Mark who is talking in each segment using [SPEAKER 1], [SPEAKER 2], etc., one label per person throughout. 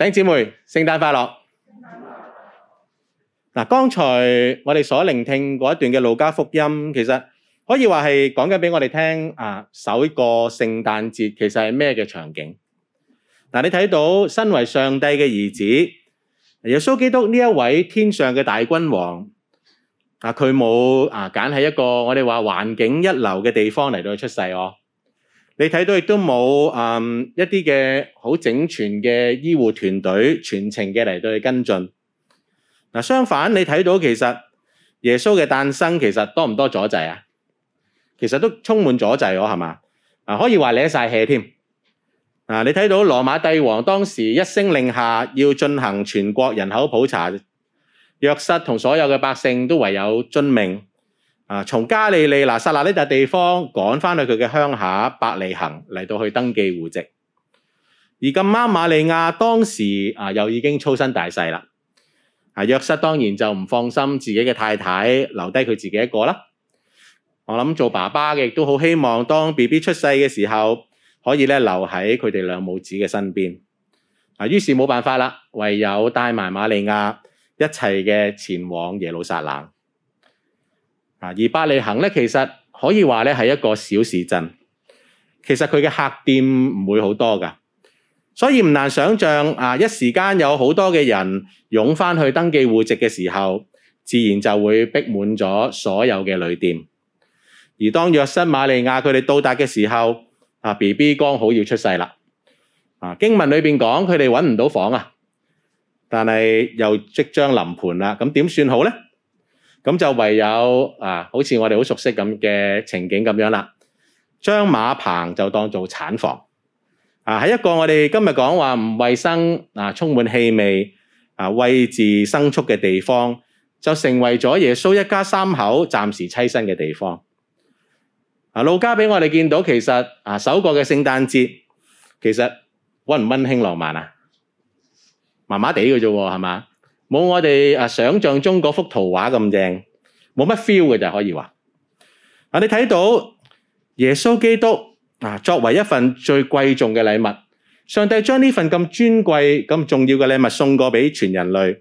[SPEAKER 1] 頂姐妹，聖誕快樂！聖誕快樂！嗱，剛才我哋所聆聽嗰一段嘅路加福音，其實可以話係講緊俾我哋聽啊，首個聖誕節其實係咩嘅場景？嗱，你睇到身為上帝嘅兒子耶穌基督呢一位天上嘅大君王啊，佢冇啊揀喺一個我哋話環境一流嘅地方嚟到出世哦。你睇到亦都冇一啲嘅好整全嘅醫護團隊全程嘅嚟到去跟進。嗱，相反你睇到其實耶穌嘅誕生其實多唔多阻滯啊？其實都充滿阻滯喎，我係嘛？啊，可以話唞曬氣添。嗱、啊，你睇到羅馬帝王當時一聲令下，要進行全國人口普查，約瑟同所有嘅百姓都唯有遵命。啊！從加利利拿撒那呢笪地方趕翻去佢嘅鄉下伯利恒，嚟到去登記戶籍，而咁啱瑪利亞當時啊又已經粗身大細啦，啊約瑟當然就唔放心自己嘅太太留低佢自己一個啦，我諗做爸爸嘅亦都好希望當 B B 出世嘅時候可以咧留喺佢哋兩母子嘅身邊，嗱、啊、於是冇辦法啦，唯有帶埋瑪利亞一齊嘅前往耶路撒冷。啊！而伯利恆咧，其實可以話咧係一個小市鎮，其實佢嘅客店唔會好多㗎，所以唔難想象啊！一時間有好多嘅人湧返去登記戶籍嘅時候，自然就會逼滿咗所有嘅旅店。而當約瑟瑪利亞佢哋到達嘅時候，啊 BB 剛好要出世啦。啊經文裏邊講佢哋揾唔到房啊，但係又即將臨盆啦，咁點算好咧？咁就唯有啊，好似我哋好熟悉咁嘅情景咁樣啦。將馬棚就當做產房啊，喺一個我哋今日講話唔衞生啊，充滿氣味啊、位置牲畜嘅地方，就成為咗耶穌一家三口暫時棲身嘅地方。啊，路加俾我哋見到其實啊，首個嘅聖誕節其實温唔温馨浪漫啊，麻麻地嘅啫喎，係嘛？冇我哋啊想象中嗰幅圖畫咁正，冇乜 feel 嘅就可以話。啊，你睇到耶穌基督啊，作為一份最貴重嘅禮物，上帝將呢份咁尊貴、咁重要嘅禮物送過俾全人類。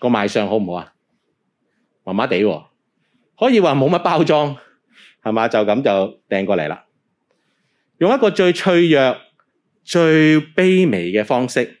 [SPEAKER 1] 個賣相好唔好啊？麻麻地，可以話冇乜包裝，係嘛？就咁就掟過嚟啦。用一個最脆弱、最卑微嘅方式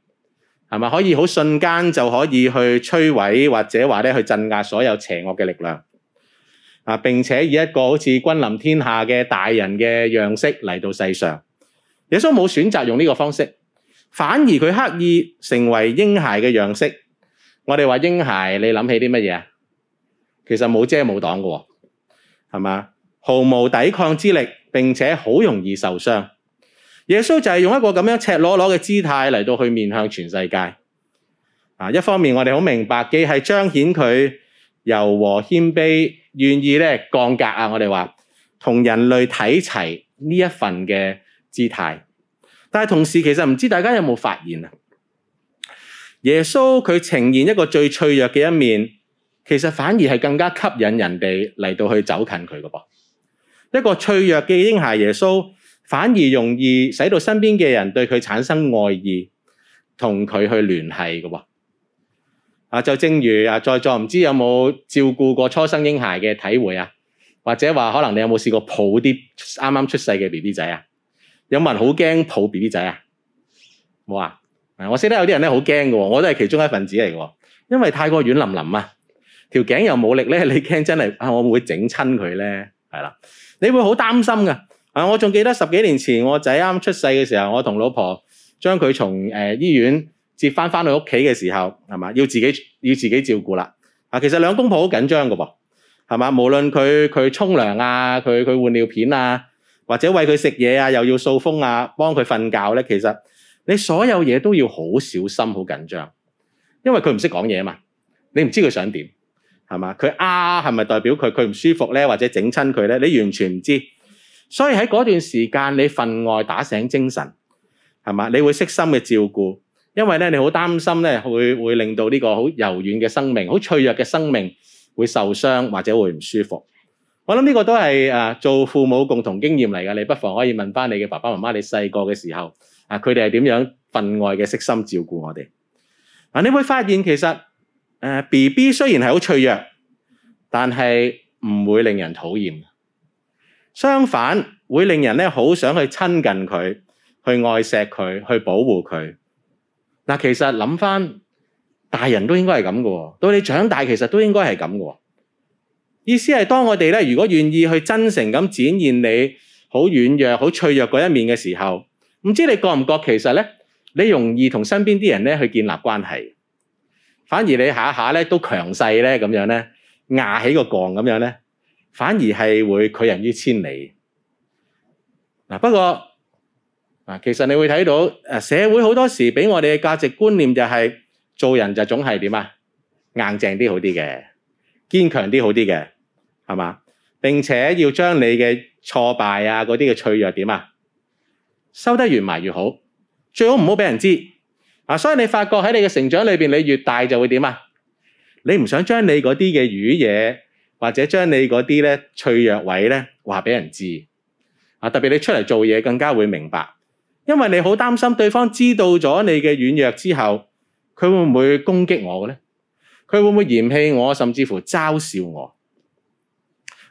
[SPEAKER 1] 係咪可以好瞬間就可以去摧毀或者話呢去鎮壓所有邪惡嘅力量啊？並且以一個好似君臨天下嘅大人嘅樣式嚟到世上。耶穌冇選擇用呢個方式，反而佢刻意成為嬰孩嘅樣式。我哋話嬰孩，你諗起啲乜嘢？其實冇遮冇擋嘅喎，係嘛？毫無抵抗之力，並且好容易受傷。耶穌就係用一個咁樣赤裸裸嘅姿態嚟到去面向全世界。啊，一方面我哋好明白，既係彰顯佢柔和謙卑，願意咧降格啊。我哋話同人類睇齊呢一份嘅姿態。但係同時，其實唔知大家有冇發現啊？耶穌佢呈現一個最脆弱嘅一面，其實反而係更加吸引人哋嚟到去走近佢嘅噃。一個脆弱嘅嬰孩耶穌。反而容易使到身邊嘅人對佢產生愛意，同佢去聯繫㗎喎。啊，就正如啊，在座唔知有冇照顧過初生嬰孩嘅體會啊？或者話可能你有冇試過抱啲啱啱出世嘅 BB 仔啊？有冇人好驚抱 BB 仔啊？冇啊？我識得有啲人咧好驚㗎喎，我都係其中一份子嚟嘅喎，因為太過軟腍腍啊，條頸又冇力咧，你驚真係啊，我會整親佢咧，係啦，你會好擔心㗎。啊！我仲記得十幾年前我仔啱出世嘅時候，我同老婆將佢從誒、呃、醫院接翻翻去屋企嘅時候，係嘛？要自己要自己照顧啦。啊，其實兩公婆好緊張噶噃，係嘛？無論佢佢沖涼啊，佢佢換尿片啊，或者餵佢食嘢啊，又要掃風啊，幫佢瞓覺咧，其實你所有嘢都要好小心、好緊張，因為佢唔識講嘢啊嘛，你唔知佢想點係嘛？佢啊係咪代表佢佢唔舒服咧，或者整親佢咧？你完全唔知。所以喺嗰段時間，你份外打醒精神，係嘛？你會悉心嘅照顧，因為咧你好擔心咧會會令到呢個好柔軟嘅生命、好脆弱嘅生命會受傷或者會唔舒服。我諗呢個都係誒、啊、做父母共同經驗嚟嘅，你不妨可以問翻你嘅爸爸媽媽，你細個嘅時候啊，佢哋係點樣份外嘅悉心照顧我哋？嗱、啊，你會發現其實誒、啊、BB 雖然係好脆弱，但係唔會令人討厭。相反，會令人咧好想去親近佢，去愛錫佢，去保護佢。嗱，其實諗翻，大人都應該係咁嘅喎，到你長大其實都應該係咁嘅喎。意思係當我哋咧，如果願意去真誠咁展現你好軟弱、好脆弱嗰一面嘅時候，唔知你覺唔覺其實咧，你容易同身邊啲人咧去建立關係，反而你下下咧都強勢咧咁樣咧，壓起個槓咁樣咧。反而係會拒人於千里。啊、不過、啊、其實你會睇到、啊、社會好多時俾我哋嘅價值觀念就係、是、做人就總係點啊，硬淨啲好啲嘅，堅強啲好啲嘅，係嘛？並且要將你嘅挫敗啊嗰啲嘅脆弱點啊，收得越埋越好，最好唔好俾人知道。嗱、啊，所以你發覺喺你嘅成長裏面，你越大就會點啊？你唔想將你嗰啲嘅軟嘢。或者將你嗰啲咧脆弱位咧話俾人知啊！特別你出嚟做嘢更加會明白，因為你好擔心對方知道咗你嘅軟弱之後，佢會唔會攻擊我嘅咧？佢會唔會嫌棄我，甚至乎嘲笑我？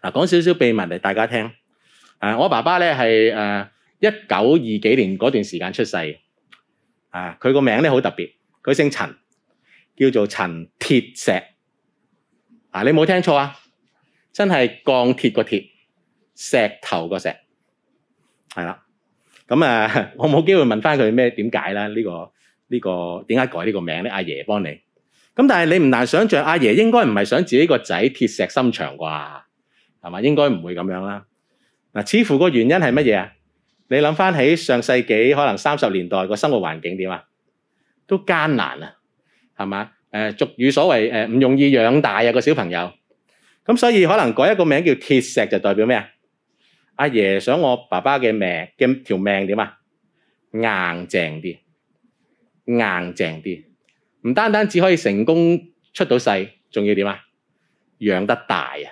[SPEAKER 1] 嗱，啊，講少少秘密嚟大家聽啊！我爸爸咧係誒一九二幾年嗰段時間出世啊！佢個名咧好特別，佢姓陳，叫做陳鐵石啊！你冇聽錯啊！真係鋼鐵個鐵，石頭個石，係啦。咁啊，我冇機會問翻佢咩點解咧？呢個呢個點解改呢個名咧？阿爺幫你。咁但係你唔難想像，阿爺應該唔係想自己個仔鐵石心腸啩，係嘛？應該唔會咁樣啦。嗱，似乎個原因係乜嘢啊？你諗翻起上世紀可能三十年代個生活環境點啊？都艱難啊，係嘛？誒俗語所謂誒唔容易養大啊個小朋友。咁所以可能改一個名叫鐵石，就代表咩啊？阿爺想我爸爸嘅命嘅條命點啊？硬淨啲，硬淨啲。唔單單只可以成功出到世，仲要點啊？養得大啊，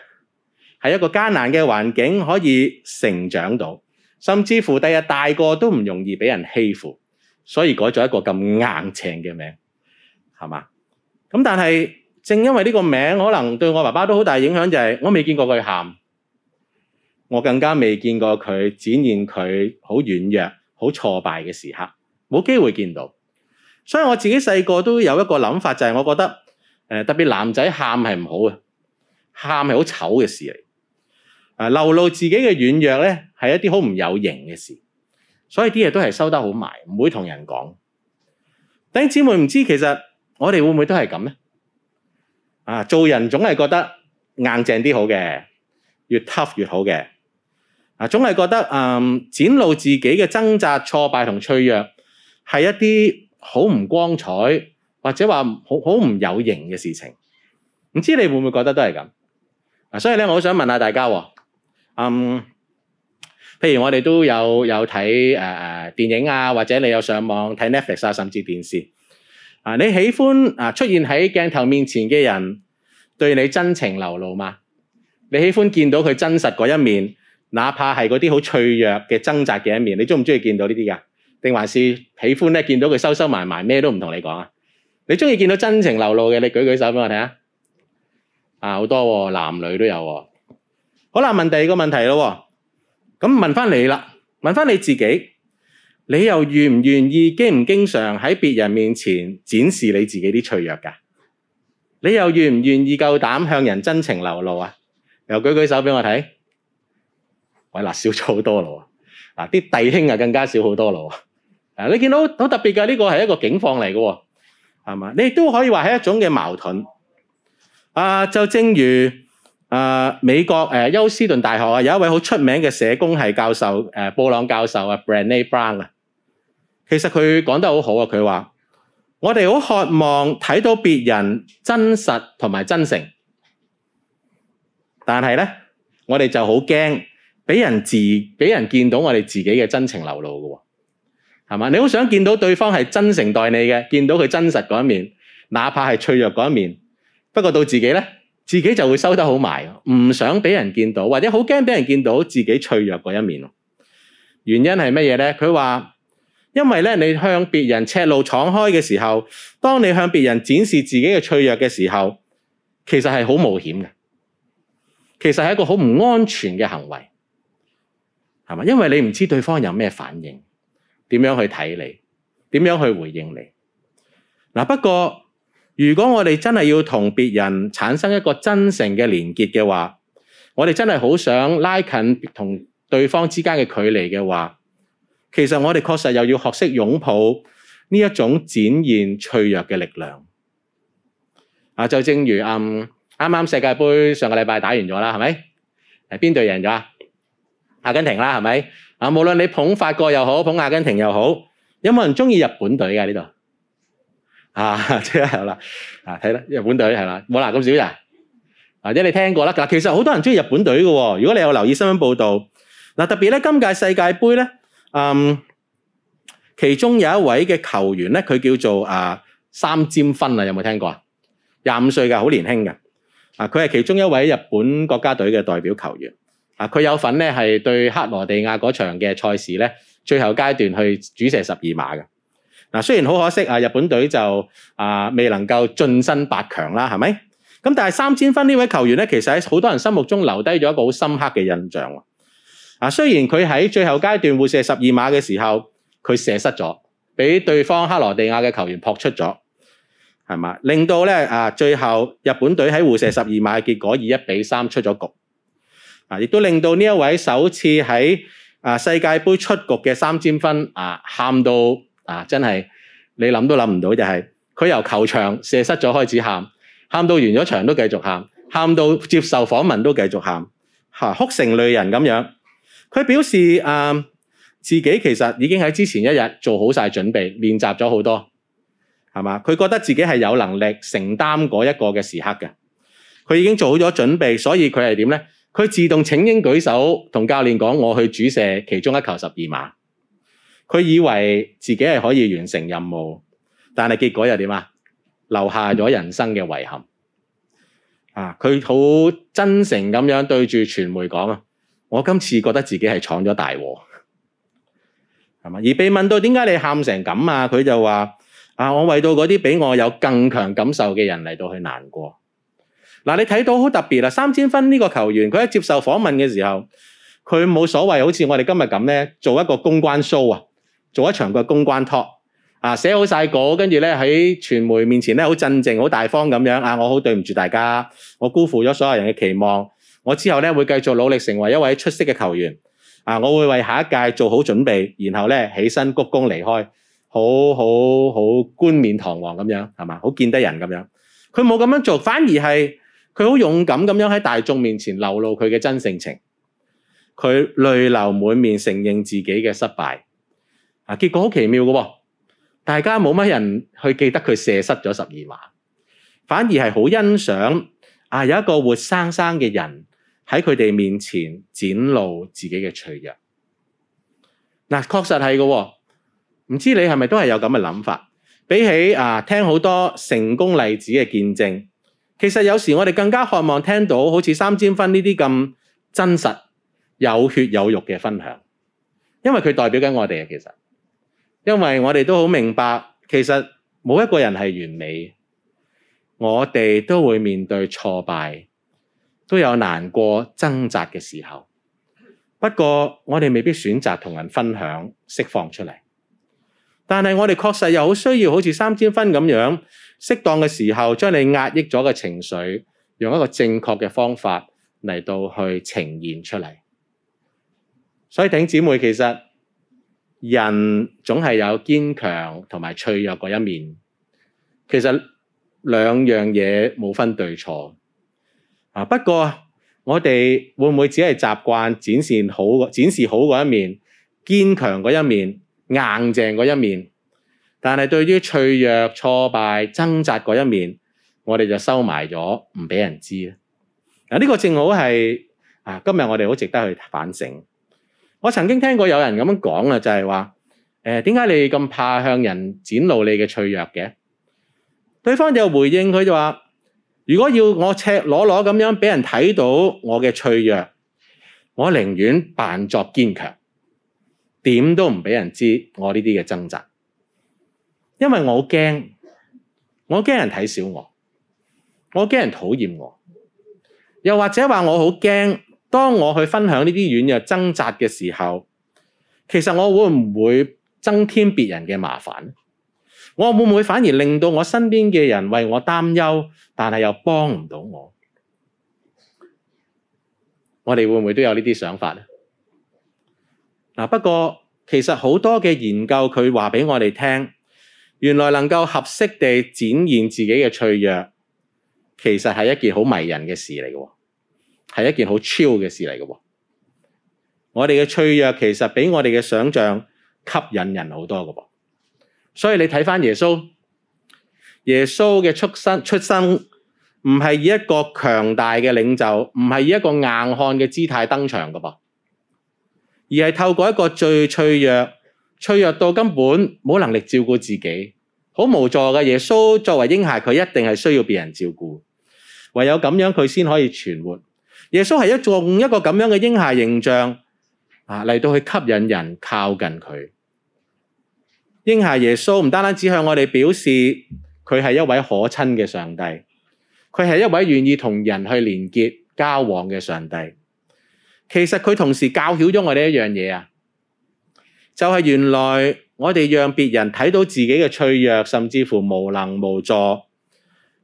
[SPEAKER 1] 喺一個艱難嘅環境可以成長到，甚至乎第日大個都唔容易俾人欺負。所以改咗一個咁硬淨嘅名，係嘛？咁但係。正因為呢個名可能對我爸爸都好大影響，就係我未見過佢喊，我更加未見過佢展現佢好軟弱、好挫敗嘅時刻，冇機會見到。所以我自己細個都有一個諗法，就係我覺得，呃，特別男仔喊係唔好嘅，喊係好醜嘅事嚟。呃，流露自己嘅軟弱咧，係一啲好唔有型嘅事，所以啲嘢都係收得好埋，唔會同人講。弟兄姊妹唔知道其實我哋會唔會都係咁咧？啊！做人總係覺得硬淨啲好嘅，越 tough 越好嘅。啊，總係覺得嗯展露自己嘅掙扎、挫敗同脆弱係一啲好唔光彩或者話好好唔有型嘅事情。唔知你會唔會覺得都係咁？嗱、啊，所以咧，我好想問下大家喎，嗯，譬如我哋都有有睇誒誒電影啊，或者你有上網睇 Netflix 啊，甚至電視。你喜歡啊出現喺鏡頭面前嘅人對你真情流露嗎？你喜歡見到佢真實嗰一面，哪怕係嗰啲好脆弱嘅掙扎嘅一面，你中唔中意見到呢啲噶？定還是喜歡咧見到佢收收埋埋，咩都唔同你講啊？你中意見到真情流露嘅，你舉舉手俾我睇下。啊，好多喎，啊，男女都有喎，啊。好啦，問第二個問題咯。咁問翻你啦，問翻你自己。你又願唔願意經唔經常喺別人面前展示你自己啲脆弱㗎？你又願唔願意夠膽向人真情流露啊？又舉舉手俾我睇。喂，嗱少咗好多啦。嗱、啊、啲弟兄啊更加少好多啦。啊，你見到好特別嘅呢個係一個境況嚟嘅，係嘛？你亦都可以話係一種嘅矛盾。啊，就正如啊美國誒、呃、休斯頓大學有一位好出名嘅社工係教授、呃、布朗教授 Brené Brown 其實佢講得好好啊！佢話：我哋好渴望睇到別人真實同埋真誠，但係呢，我哋就好驚俾人自俾人見到我哋自己嘅真情流露嘅喎，係嘛？你好想見到對方係真誠待你嘅，見到佢真實嗰一面，哪怕係脆弱嗰一面。不過到自己呢，自己就會收得好埋，唔想俾人見到，或者好驚俾人見到自己脆弱嗰一面。原因係乜嘢呢？佢話。因為咧，你向別人赤露敞開嘅時候，當你向別人展示自己嘅脆弱嘅時候，其實係好危險嘅，其實係一個好唔安全嘅行為，係嘛？因為你唔知對方有咩反應，點樣去睇你，點樣去回應你。嗱，不過如果我哋真係要同別人產生一個真誠嘅連結嘅話，我哋真係好想拉近同對方之間嘅距離嘅話。其實我哋確實又要學識擁抱呢一種展現脆弱嘅力量啊！就正如嗯，啱啱世界盃上個禮拜打完咗啦，係咪？邊隊贏咗啊？阿根廷啦，係咪？啊，無論你捧法國又好，捧阿根廷又好，有冇人中意日本隊㗎？呢度啊，即係好啦啊，睇啦，日本隊係啦，冇嗱咁少人。或者你聽過啦？嗱，其實好多人中意日本隊嘅喎。如果你有留意新聞報導，嗱，特別呢，今屆世界盃呢。嗯，um, 其中有一位嘅球員咧，佢叫做啊三尖分啊，有冇聽過啊？廿五歲嘅，好年輕嘅。啊，佢係其中一位日本國家隊嘅代表球員。啊，佢有份咧，係對克羅地亞嗰場嘅賽事咧，最後階段去主射十二碼嘅。嗱、啊，雖然好可惜啊，日本隊就啊未能夠晉身八強啦，係咪？咁但係三尖分呢位球員咧，其實喺好多人心目中留低咗一個好深刻嘅印象。啊！雖然佢喺最後階段互射十二碼嘅時候，佢射失咗，俾對方克羅地亞嘅球員撲出咗，係嘛？令到呢啊，最後日本隊喺互射十二碼嘅結果以一比三出咗局。啊！亦都令到呢一位首次喺、啊、世界盃出局嘅三笘薰啊，喊到啊真係你諗都諗唔到，啊、諗都諗唔到就係、是、佢由球場射失咗開始喊，喊到完咗場都繼續喊，喊到接受訪問都繼續喊嚇、啊，哭成淚人咁樣。佢表示誒、嗯、自己其實已經喺之前一日做好晒準備，練習咗好多，係嘛？佢覺得自己係有能力承擔嗰一個嘅時刻嘅，佢已經做好咗準備，所以佢係點呢？佢自動請纓舉手同教練講：我去主射其中一球十二碼。佢以為自己係可以完成任務，但係結果又點啊？留下咗人生嘅遺憾。啊！佢好真誠咁樣對住傳媒講啊！我今次覺得自己係闖咗大禍，係嘛？而被問到點解你喊成咁啊？佢就話：啊，我為到嗰啲比我有更強感受嘅人嚟到去難過。嗱、啊，你睇到好特別啦！三千分呢個球員，佢喺接受訪問嘅時候，佢冇所謂，好似我哋今日咁咧，做一個公關 show 啊，做一場嘅公關 talk 啊，寫好晒稿，跟住咧喺傳媒面前咧好鎮靜、好大方咁樣啊，我好對唔住大家，我辜負咗所有人嘅期望。我之後咧會繼續努力成為一位出色嘅球員啊！我會為下一屆做好準備，然後咧起身鞠躬離開，好好好冠冕堂皇咁樣係咪？好見得人咁樣。佢冇咁樣做，反而係佢好勇敢咁樣喺大眾面前流露佢嘅真性情。佢淚流滿面承認自己嘅失敗啊！結果好奇妙嘅、哦，大家冇乜人去記得佢射失咗十二碼，反而係好欣賞啊！有一個活生生嘅人。喺佢哋面前展露自己嘅脆弱，嗱、啊，確實係嘅喎。唔知你係咪都係有咁嘅諗法？比起啊聽好多成功例子嘅見證，其實有時我哋更加渴望聽到好似三尖分呢啲咁真實、有血有肉嘅分享，因為佢代表緊我哋啊。其實，因為我哋都好明白，其實冇一個人係完美，我哋都會面對挫敗。都有難過掙扎嘅時候，不過我哋未必選擇同人分享釋放出嚟。但係我哋確實又好需要，好似三千分咁樣，適當嘅時候將你壓抑咗嘅情緒，用一個正確嘅方法嚟到去呈現出嚟。所以頂姐妹，其實人總係有堅強同埋脆弱嘅一面。其實兩樣嘢冇分對錯。啊！不過我哋會唔會只係習慣展示好展示好嗰一面，堅強嗰一面，硬淨嗰一面，但係對於脆弱、挫敗、掙扎嗰一面，我哋就收埋咗，唔俾人知啊！嗱，呢個正好係啊，今日我哋好值得去反省。我曾經聽過有人咁樣講啊，就係話：誒點解你咁怕向人展露你嘅脆弱嘅？對方就回應佢就話。如果要我赤裸裸咁樣俾人睇到我嘅脆弱，我寧願扮作堅強，點都唔俾人知道我呢啲嘅掙扎，因為我好驚，我驚人睇小我，我驚人討厭我，又或者話我好驚，當我去分享呢啲軟弱掙扎嘅時候，其實我會唔會增添別人嘅麻煩？我會唔會反而令到我身邊嘅人為我擔憂，但係又幫唔到我？我哋會唔會都有呢啲想法呢？不過其實好多嘅研究，佢話俾我哋聽，原來能夠合適地展現自己嘅脆弱，其實係一件好迷人嘅事嚟嘅，係一件好超 h 嘅事嚟嘅。我哋嘅脆弱其實比我哋嘅想象吸引人好多嘅噃。所以你睇返耶穌，耶穌嘅出生出生唔係以一個強大嘅領袖，唔係以一個硬漢嘅姿態登場㗎噃，而係透過一個最脆弱、脆弱到根本冇能力照顧自己、好無助嘅耶穌，作為嬰孩，佢一定係需要別人照顧，唯有咁樣佢先可以存活。耶穌係一種一個咁樣嘅嬰孩形象啊，嚟到去吸引人靠近佢。嬰孩耶穌唔單單只向我哋表示佢係一位可親嘅上帝，佢係一位願意同人去連結交往嘅上帝。其實佢同時教曉咗我哋一樣嘢啊，就係、是、原來我哋讓別人睇到自己嘅脆弱，甚至乎無能無助，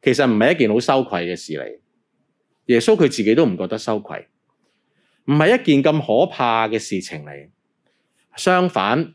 [SPEAKER 1] 其實唔係一件好羞愧嘅事嚟。耶穌佢自己都唔覺得羞愧，唔係一件咁可怕嘅事情嚟。相反，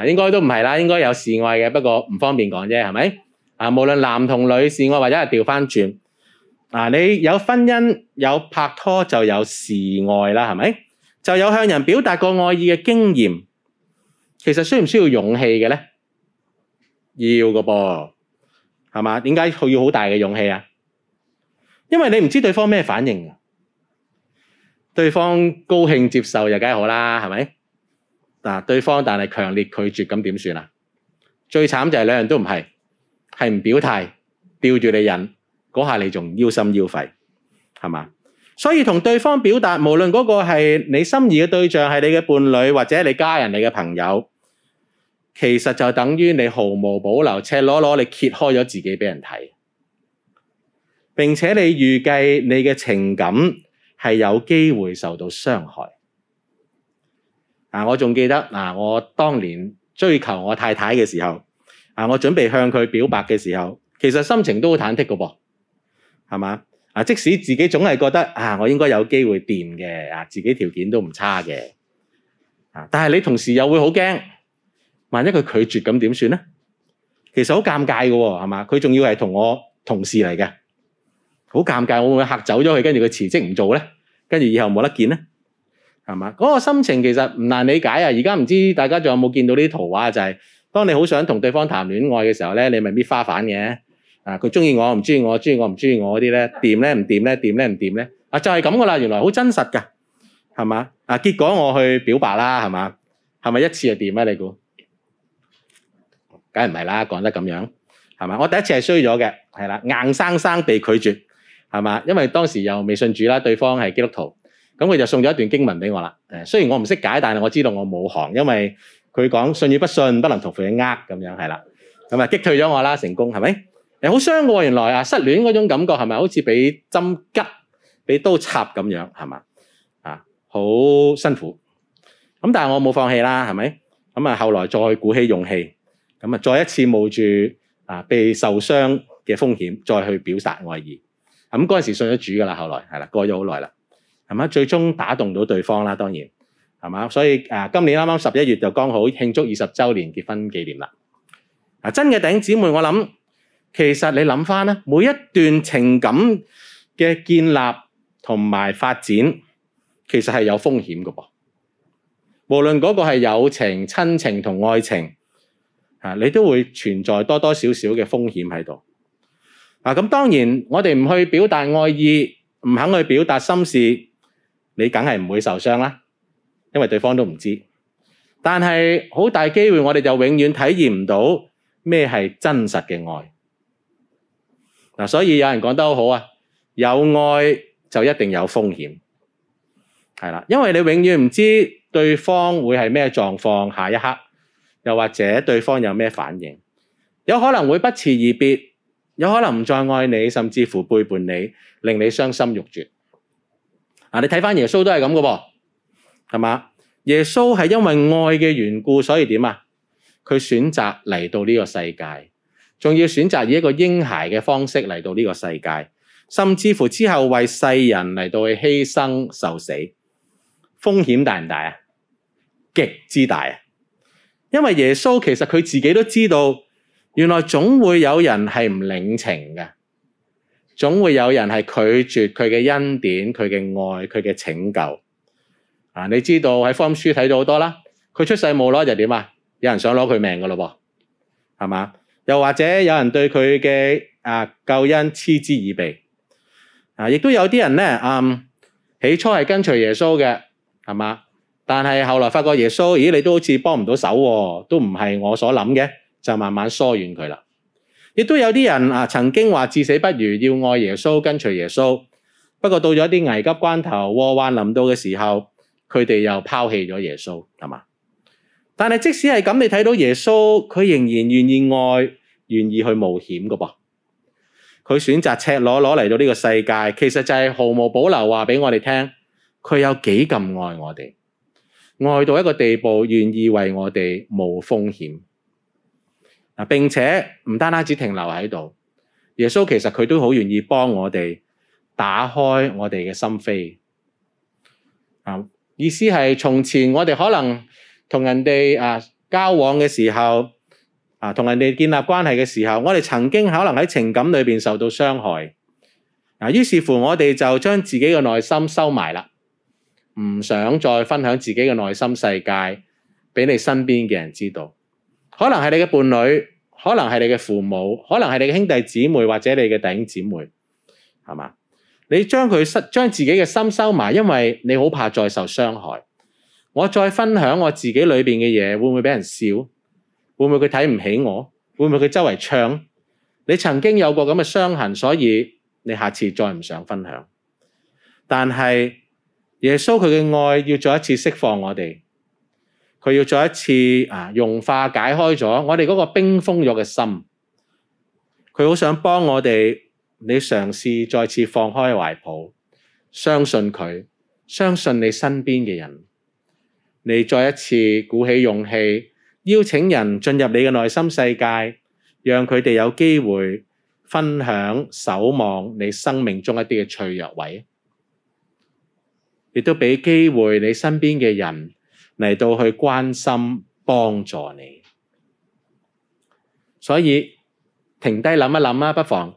[SPEAKER 1] 啊，應該都唔係啦，應該有示愛嘅，不過唔方便講啫，係咪？啊，無論男同女示愛，或者係調翻轉。啊，你有婚姻有拍拖就有示愛啦，係咪？就有向人表達過愛意嘅經驗，其實需唔需要勇氣嘅咧？要㗎噃，係嘛？點解佢要好大嘅勇氣啊？因為你唔知對方咩反應啊。對方高興接受就梗係好啦，係咪？但對方但係強烈拒絕，咁點算啊？最慘就係兩樣都唔係，係唔表態，吊住你忍，嗰下你仲腰心腰肺，係嘛？所以同對方表達，無論嗰個係你心儀嘅對象，係你嘅伴侶，或者你家人、你嘅朋友，其實就等於你毫無保留、赤裸裸你揭開咗自己俾人睇，並且你預計你嘅情感係有機會受到傷害。啊！我仲記得嗱、啊，我當年追求我太太嘅時候，啊，我準備向佢表白嘅時候，其實心情都好忐忑噶噃、哦，係嘛？啊，即使自己總係覺得啊，我應該有機會掂嘅，啊，自己條件都唔差嘅，啊，但係你同時又會好驚，萬一佢拒絕咁點算咧？其實好尷尬噶喎、哦，係嘛？佢仲要係同我同事嚟嘅，好尷尬，我會唔會嚇走咗佢，跟住佢辭職唔做咧，跟住以後冇得見咧。係嘛？嗰個心情其實唔難理解啊！而家唔知大家仲有冇見到呢啲圖畫，就係當你好想同對方談戀愛嘅時候咧，你咪搣花瓣嘅啊！佢中意我唔中意我，中意我唔中意我啲咧，掂咧唔掂咧，掂咧唔掂咧啊！就係咁噶啦，原來好真實噶，係嘛啊？結果我去表白啦，係嘛？係咪一次就掂咧？你估？梗係唔係啦？講得咁樣係嘛？我第一次係衰咗嘅，係啦，硬生生被拒絕係嘛？因為當時又未信住啦，對方係基督徒。咁佢就送咗一段經文俾我啦。誒，雖然我唔識解，但係我知道我冇行，因為佢講信與不信不能同負一軛咁樣係啦。咁啊擊退咗我啦，成功係咪？誒，好傷㗎，原來啊，失戀嗰種感覺係咪好似俾針拮、俾刀插咁樣係嘛？啊，好辛苦。咁但係我冇放棄啦，係咪？咁啊後來再鼓起勇氣，咁啊再一次冒住啊被受傷嘅風險再去表達愛意。咁嗰陣時信咗主㗎啦，後來係啦，過咗好耐啦。係嘛？最終打動到對方啦，當然係嘛？所以誒，今年啱啱十一月就剛好慶祝二十週年結婚紀念啦。嗱，真嘅頂姊妹，我諗其實你諗翻咧，每一段情感嘅建立同埋發展，其實係有風險嘅噃。無論嗰個係友情、親情同愛情，嚇你都會存在多多少少嘅風險喺度。嗱，咁當然我哋唔去表達愛意，唔肯去表達心事。你梗係唔會受傷啦，因為對方都唔知。但係好大機會，我哋就永遠體驗唔到咩係真實嘅愛。嗱，所以有人講得好好啊，有愛就一定有風險，係啦，因為你永遠唔知對方會係咩狀況，下一刻又或者對方有咩反應，有可能會不辭而別，有可能唔再愛你，甚至乎背叛你，令你傷心欲絕。嗱，你睇返耶穌都係咁噶喎，係嘛？耶穌係因為愛嘅緣故，所以點啊？佢選擇嚟到呢個世界，仲要選擇以一個嬰孩嘅方式嚟到呢個世界，甚至乎之後為世人嚟到去犧牲受死，風險大唔大啊？極之大啊！因為耶穌其實佢自己都知道，原來總會有人係唔領情嘅。總會有人係拒絕佢嘅恩典、佢嘅愛、佢嘅拯救。啊，你知道喺福音書睇到好多啦。佢出世冇耐就點啊？有人想攞佢命噶咯噃，係嘛？又或者有人對佢嘅啊救恩嗤之以鼻。啊，亦都有啲人呢，嗯，起初係跟隨耶穌嘅，係嘛？但係後來發覺耶穌，咦，你都好似幫唔到手喎，啊，都唔係我所諗嘅，就慢慢疏遠佢啦。亦都有啲人曾經話至死不渝要愛耶穌，跟隨耶穌，不過到咗啲危急關頭、禍患臨到嘅時候，佢哋又拋棄咗耶穌，係嘛？但係即使係咁，你睇到耶穌，佢仍然願意愛，願意去冒險噶噃。佢選擇赤裸裸嚟到呢個世界，其實就係毫無保留話俾我哋聽，佢有幾咁愛我哋，愛到一個地步，願意為我哋冒風險。啊！並且唔單單只停留喺度，耶穌其實佢都好願意幫我哋打開我哋嘅心扉。啊，意思係從前我哋可能同人哋啊交往嘅時候，啊同人哋建立關係嘅時候，我哋曾經可能喺情感裏邊受到傷害。嗱、啊，於是乎我哋就將自己嘅內心收埋啦，唔想再分享自己嘅內心世界俾你身邊嘅人知道。可能係你嘅伴侶，可能係你嘅父母，可能係你嘅兄弟姐妹或者你嘅弟兄姐妹，係嘛？你將佢將自己嘅心收埋，因為你好怕再受傷害。我再分享我自己裏面嘅嘢，會唔會俾人笑？會唔會佢睇唔起我？會唔會佢周圍唱？你曾經有過咁嘅傷痕，所以你下次再唔想分享。但係耶穌佢嘅愛要再一次釋放我哋。佢要再一次啊，融化解開咗我哋嗰個冰封咗嘅心。佢好想幫我哋，你嘗試再次放開懷抱，相信佢，相信你身邊嘅人。你再一次鼓起勇氣，邀請人進入你嘅內心世界，讓佢哋有機會分享、守望你生命中一啲嘅脆弱位，亦都俾機會你身邊嘅人，嚟到去關心幫助你，所以停低諗一諗啊，不妨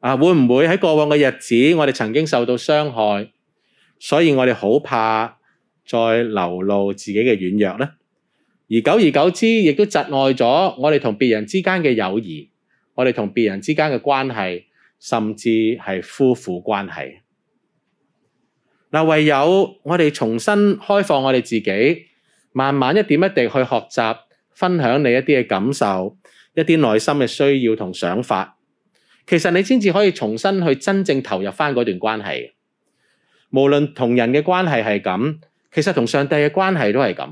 [SPEAKER 1] 啊，會唔會喺過往嘅日子，我哋曾經受到傷害，所以我哋好怕再流露自己嘅軟弱咧，而久而久之，亦都窒礙咗我哋同別人之間嘅友誼，我哋同別人之間嘅關係，甚至係夫婦關係。嗱，唯有我哋重新開放我哋自己，慢慢一點一點去學習，分享你一啲嘅感受，一啲內心嘅需要同想法，其實你先至可以重新去真正投入返嗰段關係。無論同人嘅關係係咁，其實同上帝嘅關係都係咁，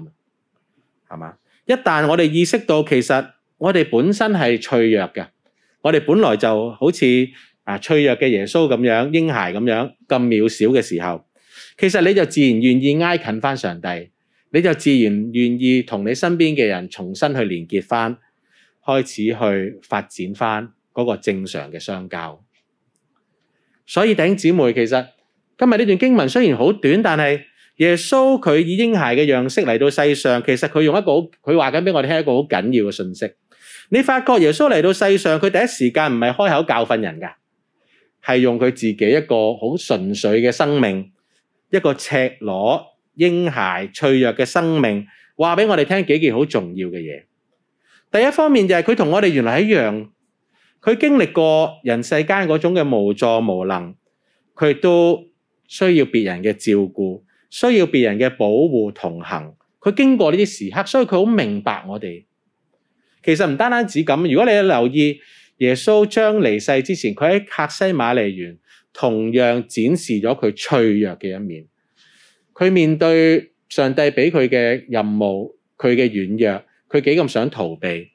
[SPEAKER 1] 係嘛？一旦我哋意識到其實我哋本身係脆弱嘅，我哋本來就好似啊脆弱嘅耶穌咁樣嬰孩咁樣咁渺小嘅時候。其實你就自然願意挨近翻上帝，你就自然願意同你身邊嘅人重新去連結翻，開始去發展翻嗰個正常嘅相交。所以弟兄姊妹，其實今日呢段經文雖然好短，但係耶穌佢以嬰孩嘅樣式嚟到世上，其實佢用一個佢話緊俾我哋聽一個好緊要嘅信息。你發覺耶穌嚟到世上，佢第一時間唔係開口教訓人㗎，係用佢自己一個好純粹嘅生命。一個赤裸嬰孩、脆弱嘅生命，話俾我哋聽幾件好重要嘅嘢。第一方面就係佢同我哋原來一樣，佢經歷過人世間嗰種嘅無助無能，佢都需要別人嘅照顧，需要別人嘅保護同行。佢經過呢啲時刻，所以佢好明白我哋。其實唔單單只咁，如果你留意耶穌將離世之前，佢喺客西馬尼園。同樣展示咗佢脆弱嘅一面，佢面對上帝俾佢嘅任務，佢嘅軟弱，佢幾咁想逃避，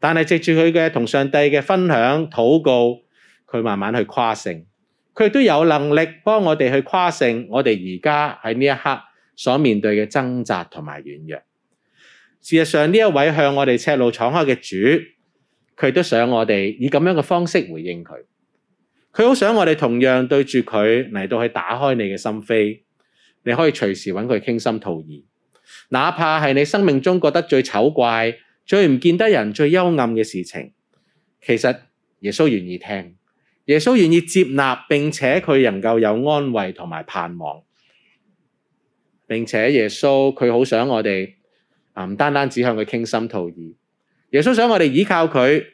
[SPEAKER 1] 但係藉住佢嘅同上帝嘅分享、禱告，佢慢慢去跨性。佢都有能力幫我哋去跨性。我哋而家喺呢一刻所面對嘅掙扎同埋軟弱，事實上呢一位向我哋赤露敞開嘅主，佢都想我哋以咁樣嘅方式回應佢。佢好想我哋同樣對住佢嚟到去打開你嘅心扉，你可以隨時揾佢傾心吐意，哪怕係你生命中覺得最醜怪、最唔見得人、最幽暗嘅事情，其實耶穌願意聽，耶穌願意接納並且佢能夠有安慰同埋盼望。並且耶穌佢好想我哋啊，唔、嗯、單單只向佢傾心吐意，耶穌想我哋倚靠佢，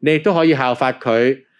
[SPEAKER 1] 你亦都可以效法佢。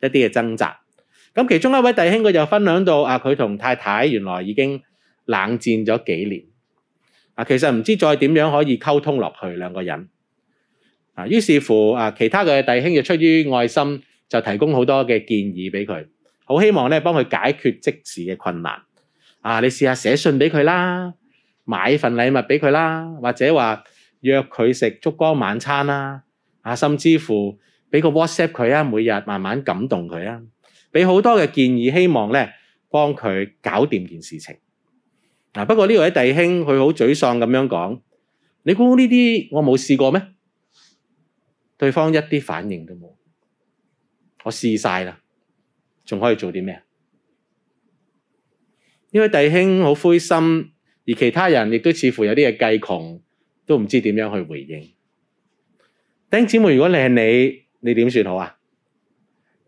[SPEAKER 1] 一啲嘅掙扎，咁其中一位弟兄佢就分享到啊，佢同太太原來已經冷戰咗幾年，啊，其實唔知再點樣可以溝通落去兩個人，啊，於是乎啊，其他嘅弟兄就出於愛心，就提供好多嘅建議俾佢，好希望咧幫佢解決即時嘅困難，啊，你試下寫信俾佢啦，買份禮物俾佢啦，或者話約佢食燭光晚餐啦，啊，甚至乎，俾個 WhatsApp 佢啊，每日慢慢感動佢啊，俾好多嘅建議，希望呢幫佢搞掂件事情。嗱，不過呢位弟兄佢好沮喪咁樣講：你估呢啲我冇試過咩？對方一啲反應都冇，我試曬啦，仲可以做啲咩？呢位弟兄好灰心，而其他人亦都似乎有啲嘢計窮，都唔知點樣去回應。弟兄姊妹，如果你係你，你點算好啊？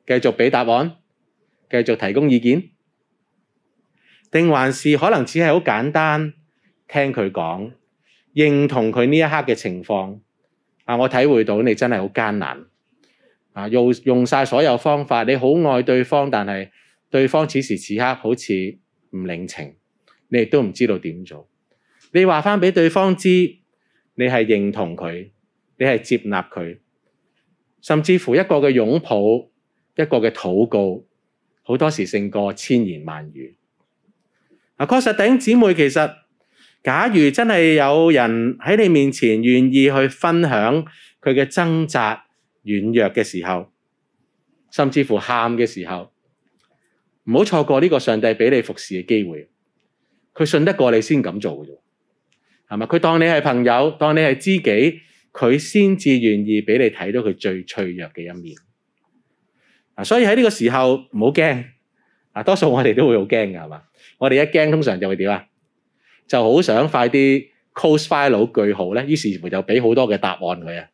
[SPEAKER 1] 繼續俾答案，繼續提供意見，定還是可能只係好簡單聽佢講，認同佢呢一刻嘅情況啊？我體會到你真係好艱難啊！用用晒所有方法，你好愛對方，但係對方此時此刻好似唔領情，你亦都唔知道點做。你話返俾對方知，你係認同佢，你係接納佢。甚至乎一個嘅擁抱，一個嘅禱告，好多時勝過千言萬語。嗱，確實弟兄姊妹，其實假如真係有人喺你面前願意去分享佢嘅掙扎、軟弱嘅時候，甚至乎喊嘅時候，唔好錯過呢個上帝俾你服侍嘅機會。佢信得過你先咁做嘅啫，係咪？佢當你係朋友，當你係知己。佢先至願意俾你睇到佢最脆弱嘅一面啊！所以喺呢個時候唔好驚啊！多數我哋都會好驚㗎，係嘛？我哋一驚通常就會點啊？就好想快啲 close file 句號咧，於是乎就俾好多嘅答案佢啊！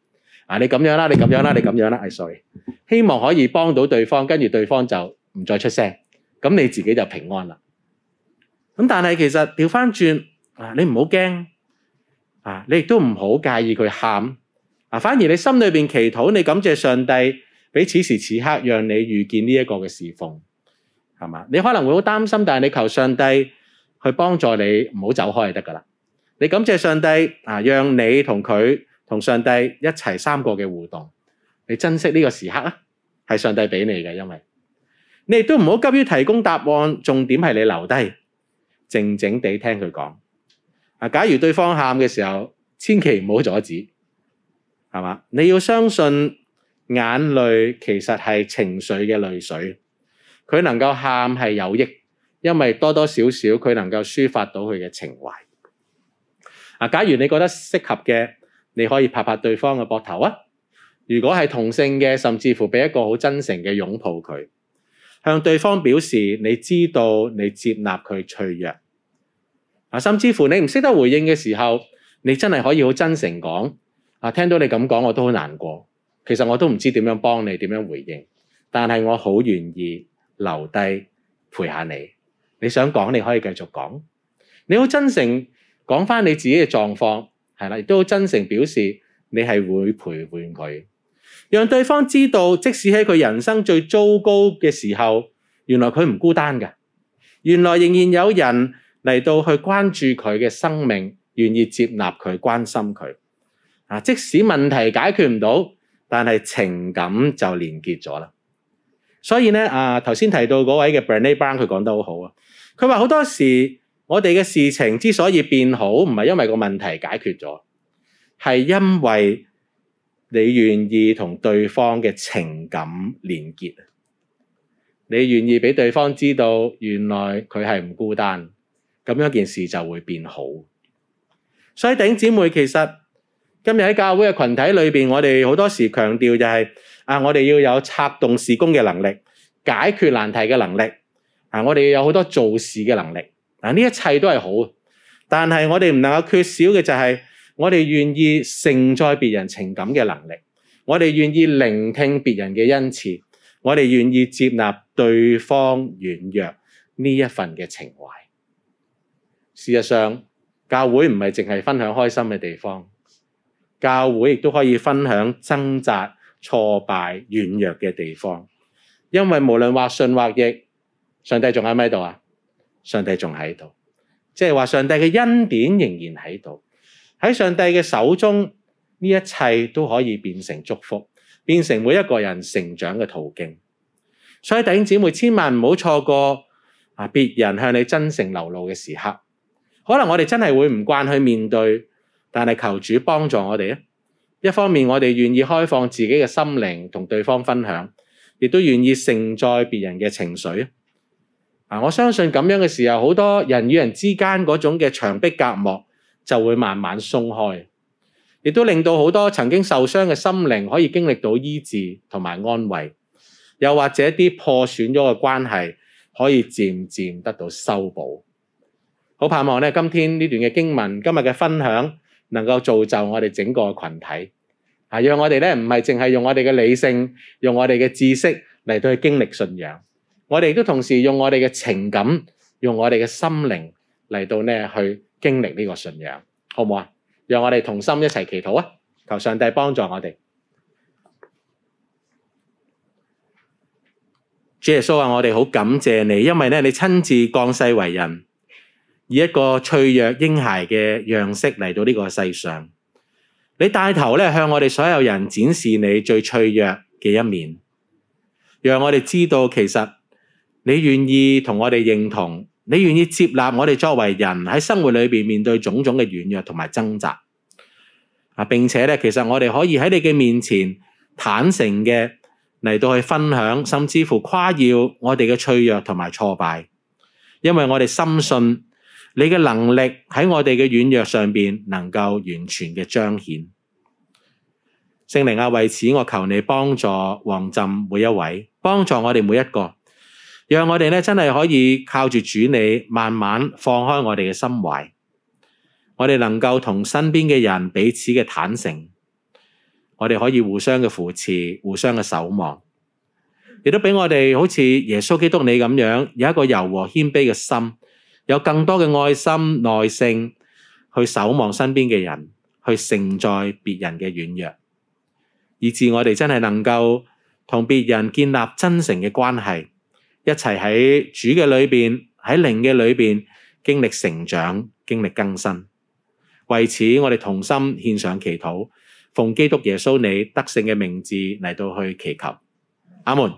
[SPEAKER 1] 啊，你咁樣啦，你咁樣啦，你咁樣啦，I sorry，希望可以幫到對方，跟住對方就唔再出聲，咁你自己就平安啦。咁但係其實調翻轉啊，你唔好驚。啊！你亦都唔好介意佢喊啊，反而你心裏邊祈禱，你感謝上帝俾此時此刻讓你遇見呢一個嘅侍奉，係嘛？你可能會好擔心，但係你求上帝去幫助你，唔好走開就得噶啦。你感謝上帝啊，讓你同佢同上帝一齊三個嘅互動，你珍惜呢個時刻啊，係上帝俾你嘅，因為你亦都唔好急於提供答案，重點係你留低靜靜地聽佢講。啊！假如對方喊嘅時候，千祈唔好阻止，係嘛？你要相信，眼淚其實係情緒嘅淚水，佢能夠喊係有益，因為多多少少佢能夠抒發到佢嘅情懷。啊！假如你覺得適合嘅，你可以拍拍對方嘅膊頭啊。如果係同性嘅，甚至乎俾一個好真誠嘅擁抱佢，向對方表示你知道你接納佢脆弱。甚至乎你唔識得回應嘅時候，你真係可以好真誠講，啊，聽到你咁講，我都好難過。其實我都唔知點樣幫你，點樣回應，但係我好願意留低陪下你。你想講你可以繼續講，你好真誠講翻你自己嘅狀況，係啦，亦都好真誠表示你係會陪伴佢，讓對方知道，即使喺佢人生最糟糕嘅時候，原來佢唔孤單㗎，原來仍然有人。嚟到去關注佢嘅生命，願意接納佢、關心佢啊。即使問題解決唔到，但係情感就連結咗啦。所以咧啊，頭先提到嗰位嘅 Brené Brown，佢講得好好啊。佢話好多時，我哋嘅事情之所以變好，唔係因為個問題解決咗，係因為你願意同對方嘅情感連結。你願意俾對方知道，原來佢係唔孤單。咁樣件事就會變好。所以頂姊妹，其實今日喺教會嘅群體裏邊，我哋好多時強調就係啊，我哋要有策動事工嘅能力，解決難題嘅能力啊，我哋要有好多做事嘅能力啊。呢一切都係好，但係我哋唔能夠缺少嘅就係我哋願意承載別人情感嘅能力，我哋願意聆聽別人嘅恩賜，我哋願意接納對方軟弱呢一份嘅情懷。事實上，教會唔係淨係分享開心嘅地方，教會亦都可以分享掙扎、挫敗、軟弱嘅地方，因為無論或順或逆，上帝仲喺咪度啊！上帝仲喺度，即係話上帝嘅恩典仍然喺度，喺上帝嘅手中，呢一切都可以變成祝福，變成每一個人成長嘅途徑。所以弟兄姐妹，千萬唔好錯過啊！別人向你真誠流露嘅時刻。可能我哋真係會唔慣去面對，但係求主幫助我哋啊。一方面我哋願意開放自己嘅心靈同對方分享，亦都願意承載別人嘅情緒啊！我相信咁樣嘅時候，好多人與人之間嗰種嘅牆壁隔膜就會慢慢鬆開，亦都令到好多曾經受傷嘅心靈可以經歷到醫治同埋安慰，又或者啲破損咗嘅關係可以漸漸得到修補。好盼望呢，今天呢段嘅經文，今日嘅分享，能夠造就我哋整個群體，啊！讓我哋呢唔係淨係用我哋嘅理性，用我哋嘅知識嚟到去經歷信仰，我哋亦都同時用我哋嘅情感，用我哋嘅心靈嚟到呢去經歷呢個信仰，好唔好啊？讓我哋同心一齊祈禱啊！求上帝幫助我哋。主耶穌話啊：我哋好感謝你，因為呢，你親自降世為人。以一個脆弱嬰孩嘅樣式嚟到呢個世上，你帶頭咧向我哋所有人展示你最脆弱嘅一面，讓我哋知道其實你願意同我哋認同，你願意接納我哋作為人喺生活裏面面對種種嘅軟弱同埋掙扎啊！並且咧，其實我哋可以喺你嘅面前坦誠嘅嚟到去分享，甚至乎誇耀我哋嘅脆弱同埋挫敗，因為我哋深信，你嘅能力喺我哋嘅軟弱上面能夠完全嘅彰顯，聖靈啊，為此我求你幫助旺浸每一位，幫助我哋每一個，讓我哋呢真係可以靠住主你，慢慢放開我哋嘅心懷，我哋能夠同身邊嘅人彼此嘅坦誠，我哋可以互相嘅扶持，互相嘅守望，亦都俾我哋好似耶穌基督你咁樣有一個柔和謙卑嘅心。有更多嘅愛心、耐性，去守望身邊嘅人，去承載別人嘅軟弱，以致我哋真係能夠同別人建立真誠嘅關係，一齊喺主嘅裏邊、喺靈嘅裏邊經歷成長、經歷更新。為此，我哋同心獻上祈禱，奉基督耶穌你得勝嘅名字嚟到去祈求。阿門。